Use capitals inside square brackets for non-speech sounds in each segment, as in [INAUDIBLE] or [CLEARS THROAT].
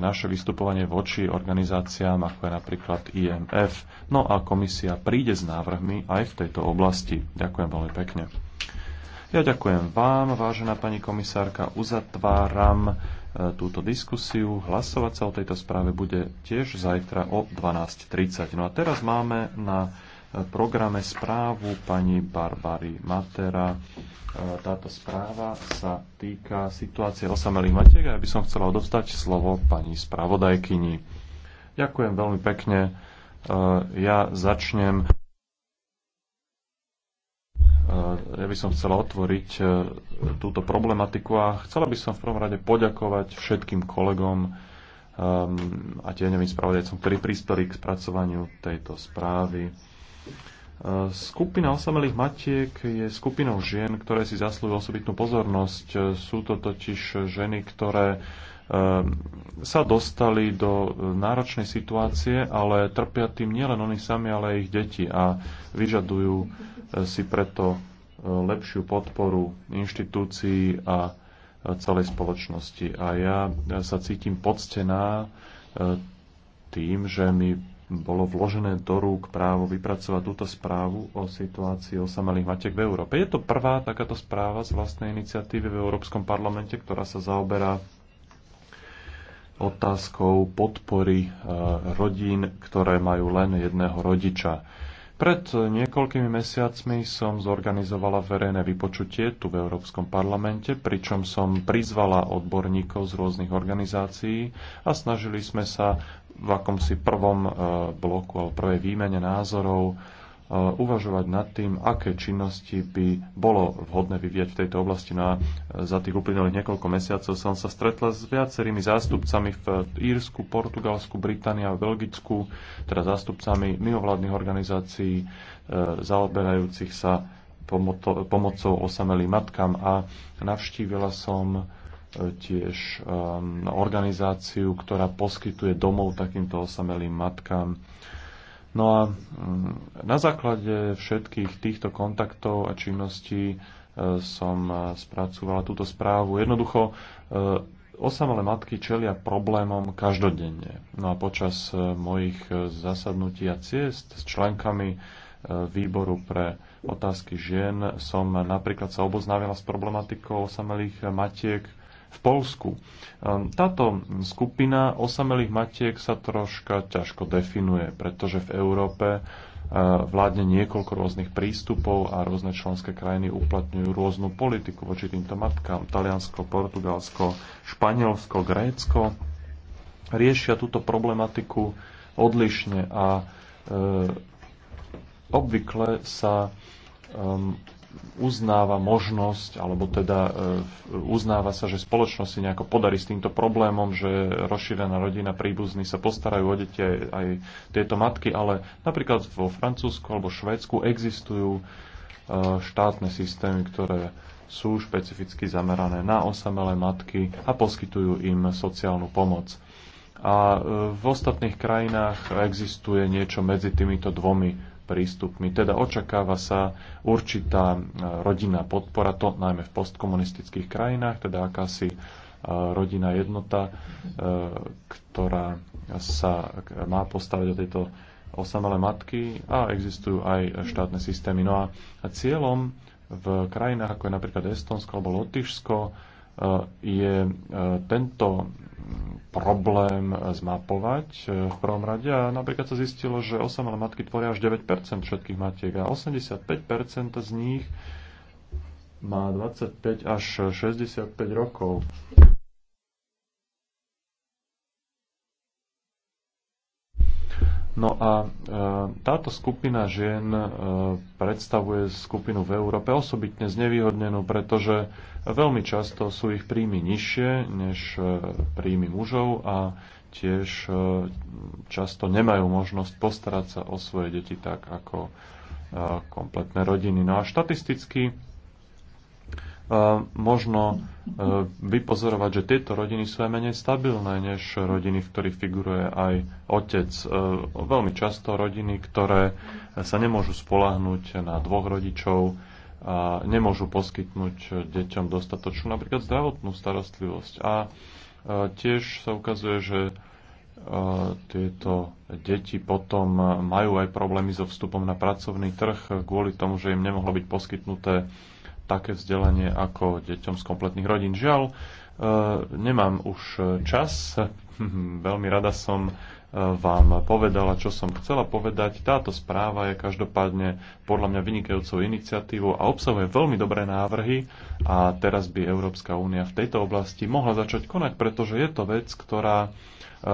naše vystupovanie voči organizáciám, ako je napríklad IMF. No a komisia príde s návrhmi aj v tejto oblasti. Ďakujem veľmi pekne. Ja ďakujem vám, vážená pani komisárka. Uzatváram e, túto diskusiu. Hlasovať sa o tejto správe bude tiež zajtra o 12.30. No a teraz máme na programe správu pani Barbary Matera. E, táto správa sa týka situácie osamelých matiek a ja by som chcela odovstať slovo pani spravodajkyni. Ďakujem veľmi pekne. E, ja začnem. E, ja by som chcela otvoriť túto problematiku a chcela by som v prvom rade poďakovať všetkým kolegom, a tieňovým spravodajcom, ktorí prispeli k spracovaniu tejto správy. Eh, skupina osamelých matiek je skupinou žien, ktoré si zaslúžia osobitnú pozornosť. Eh, sú to totiž ženy, ktoré eh, sa dostali do náročnej situácie, ale trpia tým nielen oni sami, ale aj ich deti a vyžadujú si preto lepšiu podporu inštitúcií a celej spoločnosti. A ja sa cítim poctená tým, že mi bolo vložené do rúk právo vypracovať túto správu o situácii osamelých matiek v Európe. Je to prvá takáto správa z vlastnej iniciatívy v Európskom parlamente, ktorá sa zaoberá otázkou podpory e, rodín, ktoré majú len jedného rodiča. Pred niekoľkými mesiacmi som zorganizovala verejné vypočutie tu v Európskom parlamente, pričom som prizvala odborníkov z rôznych organizácií a snažili sme sa v akomsi prvom e, bloku alebo prvej výmene názorov e, uvažovať nad tým, aké činnosti by bolo vhodné vyvíjať v tejto oblasti. No a e, za tých uplynulých niekoľko mesiacov som sa stretla s viacerými zástupcami v Írsku, Portugalsku, Británii a Belgicku, teda zástupcami mimovládnych organizácií zaoberajúcich sa pomocou osamelým matkám a navštívila som tiež um, organizáciu, ktorá poskytuje domov takýmto osamelým matkám. No a um, na základe všetkých týchto kontaktov a činností uh, som uh, spracovala túto správu. Jednoducho, uh, osamelé matky čelia problémom každodenne. No a počas mojich zasadnutí a ciest s členkami výboru pre otázky žien som napríklad sa oboznávila s problematikou osamelých matiek, v Polsku. Ehm, táto skupina osamelých matiek sa troška ťažko definuje, pretože v Európe ehm, vládne niekoľko rôznych prístupov a rôzne členské krajiny uplatňujú rôznu politiku voči týmto matkám. Taliansko, Portugalsko, Španielsko, Grécko riešia túto problematiku odlišne a e, obvykle sa e, uznáva možnosť, alebo teda e, uznáva sa, že spoločnosť si nejako podarí s týmto problémom, že rozšírená rodina, príbuzní sa postarajú o deti aj, aj tieto matky, ale napríklad vo Francúzsku alebo Švédsku existujú e, štátne systémy, ktoré sú špecificky zamerané na osamelé matky a poskytujú im sociálnu pomoc. A e, v ostatných krajinách existuje niečo medzi týmito dvomi prístupmi. Teda očakáva sa určitá e, rodinná podpora, to najmä v postkomunistických krajinách, teda akási e, rodinná jednota, e, ktorá sa má postaviť o tejto osamelé matky a existujú aj štátne systémy. No a cieľom v krajinách ako je napríklad Estonsko alebo Lotyšsko Eh, je eh, tento problém zmapovať eh, v prvom rade a napríklad sa zistilo, že osamelé matky tvoria až 9% všetkých matiek a 85% z nich má 25 až 65 rokov. No a e, táto skupina žien e, predstavuje skupinu v Európe osobitne znevýhodnenú, pretože veľmi často sú ich príjmy nižšie než e, príjmy mužov a tiež e, často nemajú možnosť postarať sa o svoje deti tak ako e, kompletné rodiny. No a štatisticky možno e, vypozorovať, že tieto rodiny sú aj menej stabilné než rodiny, v ktorých figuruje aj otec. E, veľmi často rodiny, ktoré sa nemôžu spolahnúť na dvoch rodičov, a nemôžu poskytnúť deťom dostatočnú napríklad zdravotnú starostlivosť. A e, tiež sa ukazuje, že tieto deti potom majú aj problémy so vstupom na pracovný trh kvôli tomu, že im nemohlo byť poskytnuté také vzdelanie ako deťom z kompletných rodín. Žiaľ, e, nemám už čas. [LAUGHS] Veľmi rada som vám povedala, čo som chcela povedať. Táto správa je každopádne podľa mňa vynikajúcou iniciatívou a obsahuje veľmi dobré návrhy a teraz by Európska únia v tejto oblasti mohla začať konať, pretože je to vec, ktorá e,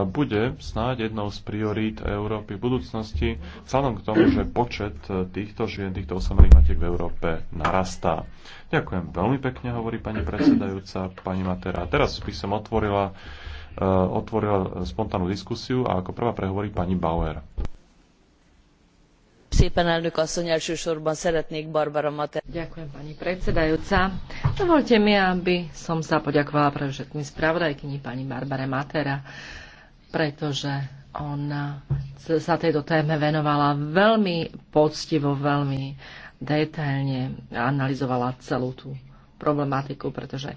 bude snáď jednou z priorít Európy v budúcnosti, vzhľadom k tomu, že počet e, týchto žien, týchto osamelých matiek v Európe narastá. Ďakujem veľmi pekne, hovorí pani predsedajúca, pani Matera. a Teraz by som otvorila Eh, otvorila spontánnu diskusiu a ako prvá prehovorí pani Bauer. Ďakujem pani predsedajúca. Dovolte mi, aby som sa poďakovala pre všetkým spravodajkyni pani Barbare Matera, pretože ona sa tejto téme venovala veľmi poctivo, veľmi detailne analyzovala celú tú problematiku, pretože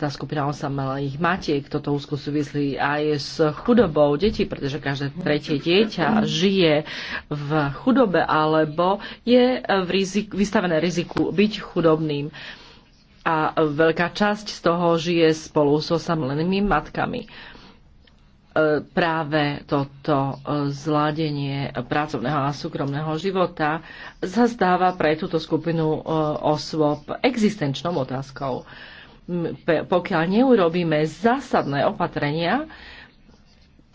tá skupina osamelých matiek, toto úzko súvislí aj s chudobou detí, pretože každé tretie dieťa žije v chudobe alebo je v riziku, vystavené riziku byť chudobným. A veľká časť z toho žije spolu s osamelenými matkami. E, práve toto e, zladenie pracovného a súkromného života zastáva pre túto skupinu e, osôb existenčnou otázkou pokiaľ neurobíme zásadné opatrenia,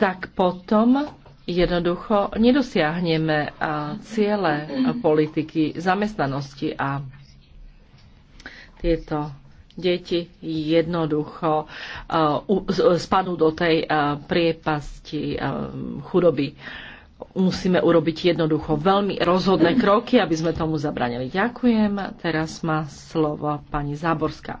tak potom jednoducho nedosiahneme ciele politiky zamestnanosti a tieto deti jednoducho spadnú do tej priepasti chudoby. Musíme urobiť jednoducho veľmi rozhodné kroky, aby sme tomu zabranili. Ďakujem. Teraz má slovo pani Záborská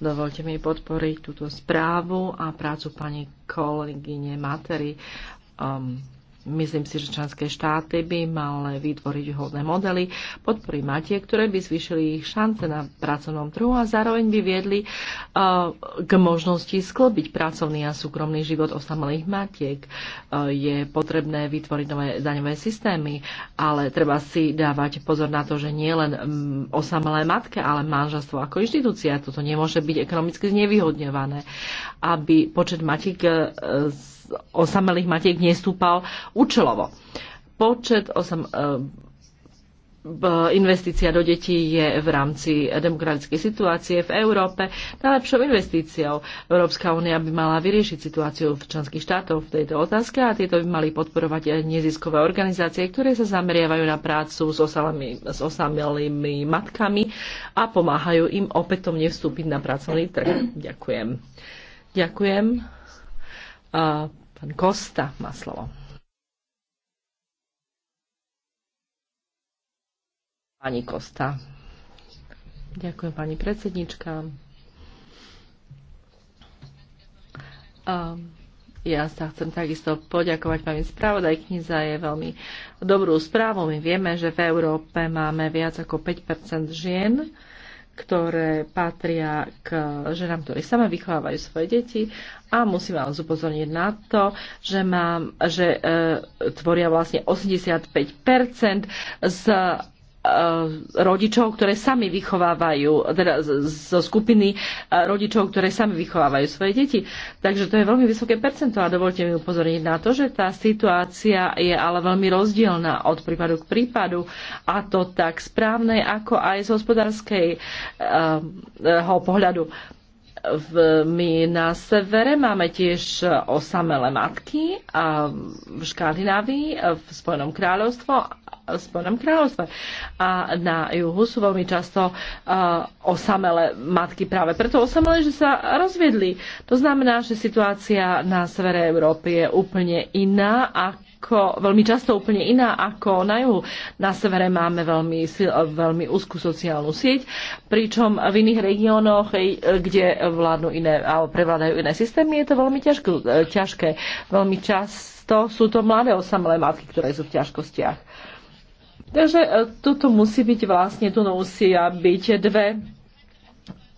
Dovolte mi podporiť túto správu a prácu pani kolegyne Matery. Um, Myslím si, že členské štáty by mali vytvoriť hodné modely, podporiť matie, ktoré by zvýšili ich šance na pracovnom trhu a zároveň by viedli uh, k možnosti sklbiť pracovný a súkromný život osamelých matiek. Uh, je potrebné vytvoriť nové daňové systémy, ale treba si dávať pozor na to, že nie len um, osamelé matke, ale manželstvo ako inštitúcia. Toto nemôže byť ekonomicky znevýhodňované, aby počet matiek uh, osamelých matiek nestúpal účelovo. Počet osam, e, investícia do detí je v rámci demokratickej situácie v Európe najlepšou investíciou. Európska únia by mala vyriešiť situáciu v členských štátoch v tejto otázke a tieto by mali podporovať aj neziskové organizácie, ktoré sa zameriavajú na prácu s, osalami, s osamelými matkami a pomáhajú im opätovne vstúpiť na pracovný trh. Ďakujem. Ďakujem. A pán Kosta má slovo. Pani Kosta. Ďakujem, pani predsednička. A ja sa chcem takisto poďakovať pani spravodajkni za je veľmi dobrú správu. My vieme, že v Európe máme viac ako 5 žien ktoré patria k ženám, ktorí sama vychovávajú svoje deti a musím vás upozorniť na to, že, mám, že e, tvoria vlastne 85% z Eh, rodičov, ktoré sami vychovávajú, teda zo skupiny eh, rodičov, ktoré sami vychovávajú svoje deti. Takže to je veľmi vysoké percento a dovolte mi upozorniť na to, že tá situácia je ale veľmi rozdielna od prípadu k prípadu a to tak správnej ako aj z hospodárskeho eh, pohľadu v, my na severe máme tiež osamele matky a v Škandinávii, v Spojenom kráľovstvo, v Spojenom kráľovstve. A na juhu sú veľmi často uh, osamele matky práve preto osamele, že sa rozviedli. To znamená, že situácia na severe Európy je úplne iná ako veľmi často úplne iná ako na juhu. Na severe máme veľmi, veľmi úzkú sociálnu sieť, pričom v iných regiónoch, kde vládnu iné, alebo prevládajú iné systémy, je to veľmi ťažké. E, ťažké. Veľmi často sú to mladé osamelé matky, ktoré sú v ťažkostiach. Takže e, tuto musí byť vlastne, tu musia byť dve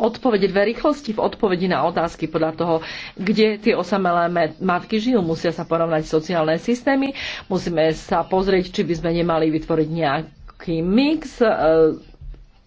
odpovede, dve rýchlosti v odpovedi na otázky podľa toho, kde tie osamelé matky žijú. Musia sa porovnať sociálne systémy, musíme sa pozrieť, či by sme nemali vytvoriť nejaký mix e,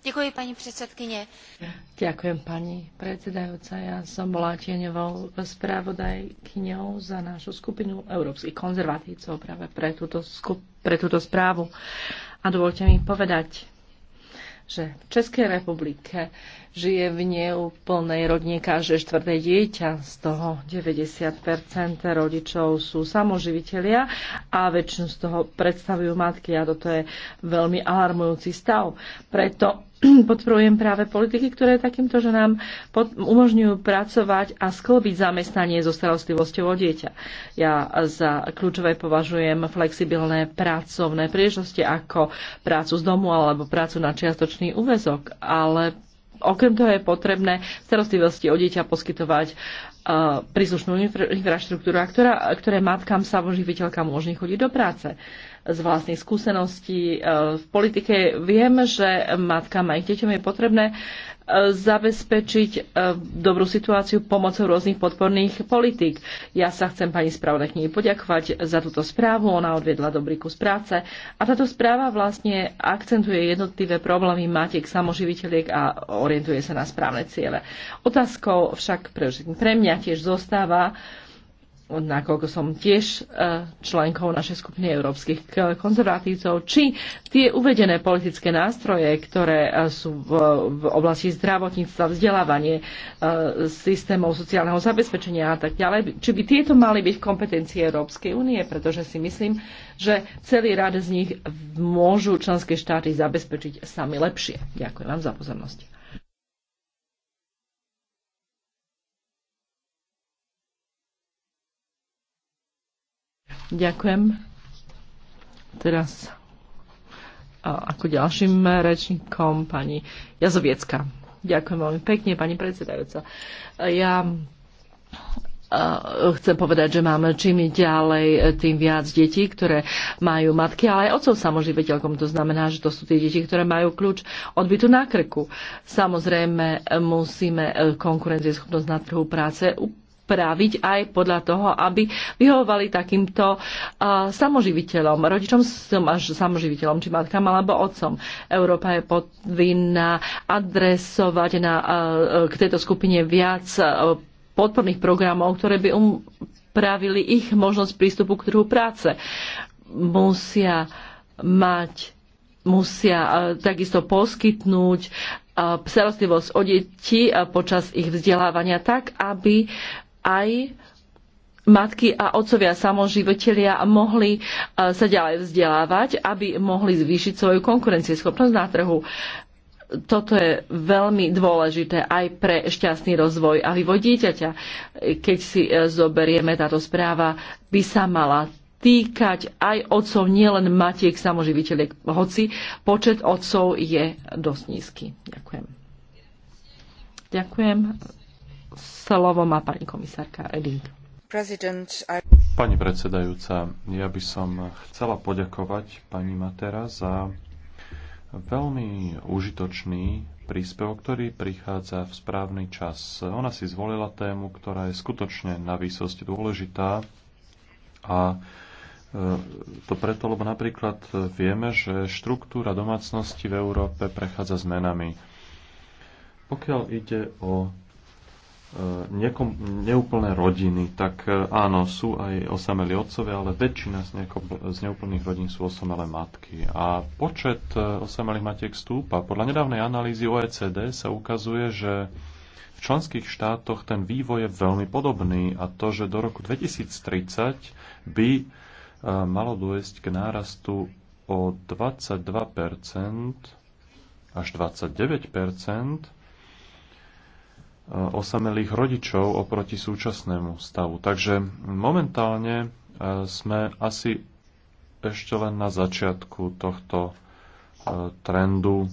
Ďakujem pani predsedkyne. Ďakujem pani predsedajúca. Ja som bola tieňovou spravodajkyňou za našu skupinu európskych konzervatívcov práve pre túto, skup- pre túto správu. A dovolte mi povedať, že v Českej republike žije v neúplnej rodine každé štvrté dieťa. Z toho 90% rodičov sú samoživitelia a väčšinu z toho predstavujú matky a toto je veľmi alarmujúci stav. Preto [CLEARS THROAT] podporujem práve politiky, ktoré takýmto ženám pod, umožňujú pracovať a sklbiť zamestnanie so starostlivosťou o dieťa. Ja za kľúčové považujem flexibilné pracovné príležitosti ako prácu z domu alebo prácu na čiastočný úvezok, ale Okrem toho je potrebné starostlivosti o dieťa poskytovať uh, príslušnú infra- infraštruktúru, a ktorá, ktoré matkám samoživiteľkám umožní chodiť do práce. Z vlastných skúseností uh, v politike viem, že matkám a ich deťom je potrebné zabezpečiť e, dobrú situáciu pomocou rôznych podporných politík. Ja sa chcem pani spravodajkyni poďakovať za túto správu. Ona odviedla dobrý kus práce. A táto správa vlastne akcentuje jednotlivé problémy matiek samoživiteľiek a orientuje sa na správne ciele. Otázkou však pre mňa tiež zostáva, nakoľko som tiež e, členkou našej skupiny európskych konzervatívcov, či tie uvedené politické nástroje, ktoré e, sú v, v oblasti zdravotníctva, vzdelávanie, e, systémov sociálneho zabezpečenia a tak ďalej, či by tieto mali byť v kompetencii Európskej únie, pretože si myslím, že celý rad z nich môžu členské štáty zabezpečiť sami lepšie. Ďakujem vám za pozornosť. Ďakujem. Teraz ako ďalším rečníkom pani Jazoviecka. Ďakujem veľmi pekne, pani predsedajúca. Ja chcem povedať, že máme čím ďalej tým viac detí, ktoré majú matky, ale aj otcov samoživiteľkom. To znamená, že to sú tie deti, ktoré majú kľúč odbytu na krku. Samozrejme, musíme e, konkurencieschopnosť na trhu práce spraviť aj podľa toho, aby vyhovovali takýmto uh, samoživiteľom, rodičom samoživiteľom, či matkám alebo otcom. Európa je povinná adresovať na, uh, k tejto skupine viac uh, podporných programov, ktoré by upravili ich možnosť prístupu k trhu práce. Musia mať, musia takisto poskytnúť starostlivosť o deti počas ich vzdelávania tak, aby aj matky a otcovia samoživotelia mohli e, sa ďalej vzdelávať, aby mohli zvýšiť svoju konkurencieschopnosť na trhu. Toto je veľmi dôležité aj pre šťastný rozvoj a vývoj dieťaťa. Keď si e, zoberieme táto správa, by sa mala týkať aj otcov, nielen matiek samoživiteľiek, hoci počet otcov je dosť nízky. Ďakujem. Ďakujem slovo má pani komisárka Reding. Pani predsedajúca, ja by som chcela poďakovať pani Matera za veľmi užitočný príspevok, ktorý prichádza v správny čas. Ona si zvolila tému, ktorá je skutočne na výsosť dôležitá a e, to preto, lebo napríklad vieme, že štruktúra domácnosti v Európe prechádza zmenami. Pokiaľ ide o E, nekom, neúplné rodiny, tak e, áno, sú aj osamelí otcovia, ale väčšina z, nejako, z neúplných rodín sú osamelé matky. A počet e, osamelých matiek stúpa. Podľa nedávnej analýzy OECD sa ukazuje, že v členských štátoch ten vývoj je veľmi podobný a to, že do roku 2030 by malo dôjsť k nárastu o 22% až 29% osamelých rodičov oproti súčasnému stavu. Takže momentálne e, sme asi ešte len na začiatku tohto e, trendu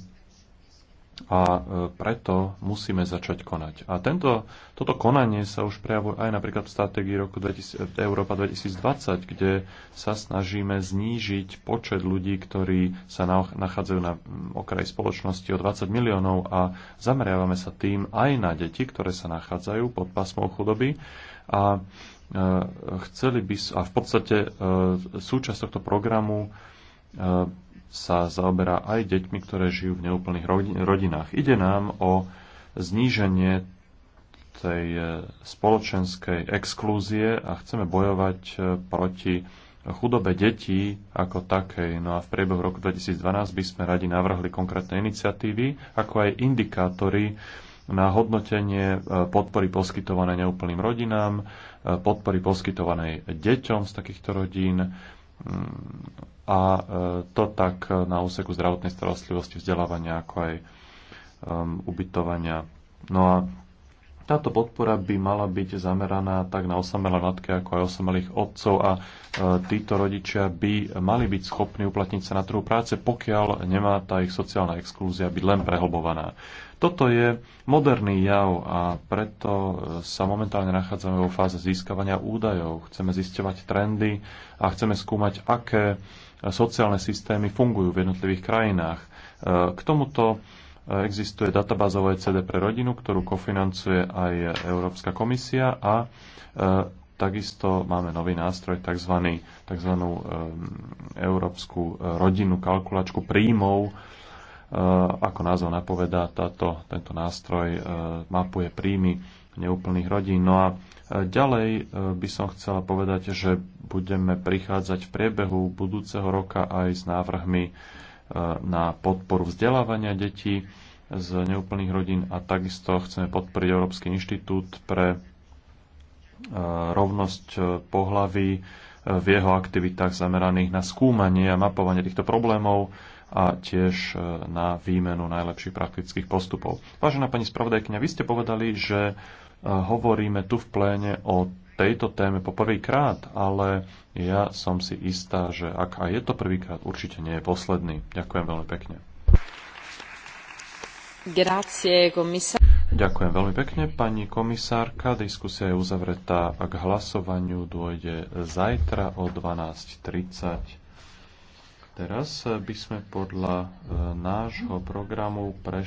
a e, preto musíme začať konať. A tento, toto konanie sa už prejavuje aj napríklad v stratégii roku 2000, Európa 2020, kde sa snažíme znížiť počet ľudí, ktorí sa na, nachádzajú na mm, okraji spoločnosti o 20 miliónov a zameriavame sa tým aj na deti, ktoré sa nachádzajú pod pasmou chudoby. A e, chceli by a v podstate e, súčasť tohto programu e, sa zaoberá aj deťmi, ktoré žijú v neúplných rodinách. Ide nám o zníženie tej e, spoločenskej exklúzie a chceme bojovať e, proti chudobe detí ako takej. No a v priebehu roku 2012 by sme radi navrhli konkrétne iniciatívy, ako aj indikátory na hodnotenie e, podpory poskytovanej neúplným rodinám, podpory poskytovanej deťom z takýchto rodín, a e, to tak na úseku zdravotnej starostlivosti, vzdelávania, ako aj um, ubytovania. No a táto podpora by mala byť zameraná tak na osamelé matky, ako aj osamelých otcov a e, títo rodičia by mali byť schopní uplatniť sa na trhu práce, pokiaľ nemá tá ich sociálna exklúzia byť len prehlbovaná. Toto je moderný jav a preto e, sa momentálne nachádzame vo fáze získavania údajov. Chceme zisťovať trendy a chceme skúmať, aké e, sociálne systémy fungujú v jednotlivých krajinách. E, k tomuto existuje databázové CD pre rodinu, ktorú kofinancuje aj Európska komisia a Takisto máme nový nástroj, tzv. tzv. európsku rodinnú kalkulačku príjmov, Eh, ako názov napovedá, táto, tento nástroj eh, mapuje príjmy neúplných rodín. No a eh, ďalej by som chcela povedať, že budeme prichádzať v priebehu budúceho roka aj s návrhmi na podporu vzdelávania detí z neúplných rodín a takisto chceme podporiť Európsky inštitút pre rovnosť pohlaví v jeho aktivitách zameraných na skúmanie a mapovanie týchto problémov a tiež e, na výmenu najlepších praktických postupov. Vážená pani spravodajkňa, vy ste povedali, že e, hovoríme tu v pléne o tejto téme po ale ja som si istá, že ak aj je to prvýkrát, určite nie je posledný. Ďakujem veľmi pekne. Grazie, komisár. Ďakujem veľmi pekne, pani komisárka. Diskusia je uzavretá. K hlasovaniu dôjde zajtra o 12.30. Teraz by sme podľa e, nášho programu prešli